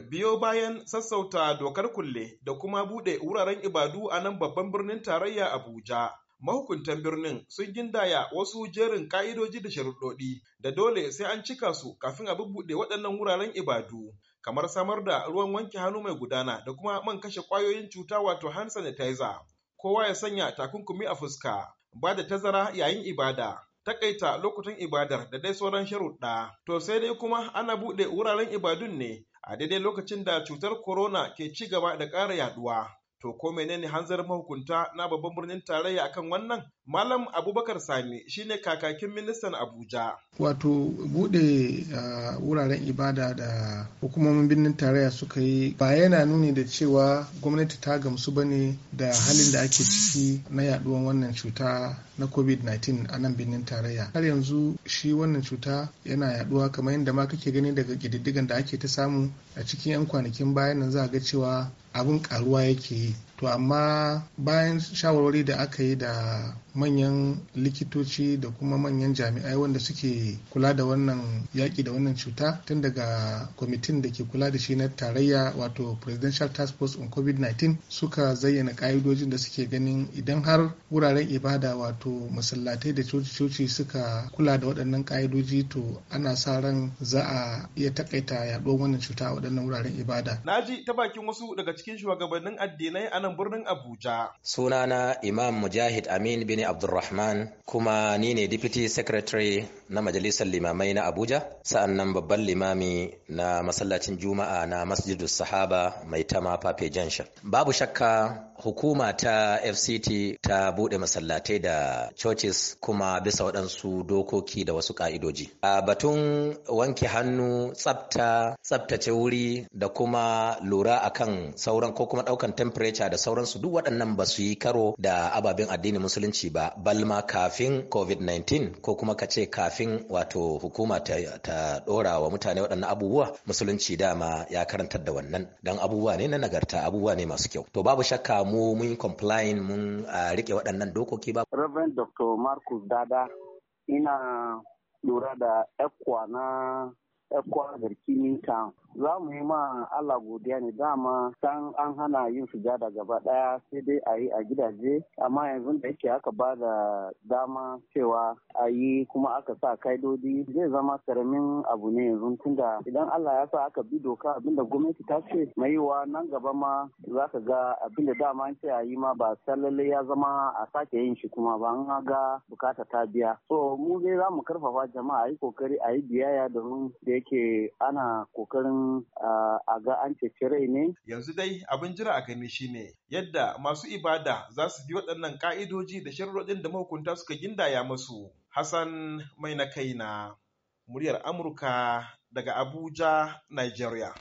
biyo bayan sassauta dokar kulle da kuma buɗe wuraren ibadu a nan babban birnin tarayya Abuja. Mahukuntan birnin sun gindaya wasu jerin ka'idoji da sharuɗoɗi da dole sai an cika su kafin a bubbuɗe waɗannan wuraren ibadu, kamar samar da ruwan wanke hannu mai gudana da kuma man kashe ƙwayoyin cuta wato hand sanitizer. Kowa ya sanya takunkumi a fuska, ba da tazara yayin ibada. takaita lokutan ibadar da dai sauran sharuɗa. To sai dai kuma ana buɗe wuraren ibadun ne a daidai lokacin da cutar corona ke ci gaba da ƙara yaduwa. To ko menene hanzarin mahukunta na babban birnin tarayya akan wannan? Malam Abubakar Sani shine kakakin ministan Abuja. Wato bude wuraren ibada da hukumomin birnin tarayya suka yi ba yana nuni da cewa gwamnati ta gamsu ba ne da halin da ake ciki na yaduwan wannan cuta na COVID-19 a nan birnin tarayya. Har yanzu shi wannan cuta yana yaduwa kamar yadda ma kake gani daga ƙididdigan da ake ta samu a cikin 'yan kwanakin bayan nan za a ga cewa abin karuwa yake yi to amma bayan shawarwari da aka yi da manyan likitoci da kuma manyan jami'ai wanda suke kula da wannan yaƙi da wannan cuta tun daga kwamitin da ke kula da shi na tarayya wato presidential task force on covid-19 suka zayyana ƙa'idojin da suke ganin idan har wuraren ibada wato masallatai da coci-coci suka kula da waɗannan ƙa'idoji to ana sa ran za a iya takaita yaɗuwar wannan cuta a waɗannan wuraren ibada. Na ji ta bakin wasu daga cikin shugabannin addinai a nan birnin Abuja. Sunana Imam Mujahid Amin bin Abdulrahman kuma ni ne Deputy Secretary na Majalisar Limamai na Abuja, sa'an nan babban limami na masallacin Juma'a na Masjidus Sahaba mai tama Fafe Jansha. Babu shakka hukuma ta FCT ta bude masallatai da churches kuma bisa waɗansu dokoki da wasu ƙa'idoji. A batun wanke hannu, tsafta, tsaftace wuri da kuma lura akan sauran ko kuma ɗaukan temperature da sauransu duk waɗannan ba su yi karo da ababen addinin musulunci ba balma kafin covid-19 ko kuma ka ce kafin wato hukuma ta ɗora wa mutane waɗannan abubuwa musulunci dama ya karantar da wannan don abubuwa ne na nagarta abubuwa ne masu kyau to babu shakka mu mun complying mun rike waɗannan dokoki ba Reverend Dr. Marcus Dada ina lura da ekwa na ekwa Town za mu yi ma Allah godiya ne dama san an hana yin sujada gaba daya sai dai a yi a gidaje amma yanzu da yake aka ba da dama cewa a yi kuma aka sa kaidodi zai zama karamin abu ne yanzu tunda idan Allah ya sa aka bi doka abinda gwamnati ta ce mai yiwa nan gaba ma za ka ga abinda dama an ce a yi ma ba sallale ya zama a sake yin shi kuma ba an ga bukata ta biya so mu dai za mu karfafa jama'a a yi kokari a yi biyayya domin da yake ana kokarin a ga an ceci rai ne. Yanzu dai abin jira a gani shine yadda masu ibada za su bi waɗannan ƙa'idoji da sharuɗin da mahukunta suka gindaya masu. Hassan mai na kaina, muryar Amurka daga Abuja, Nigeria.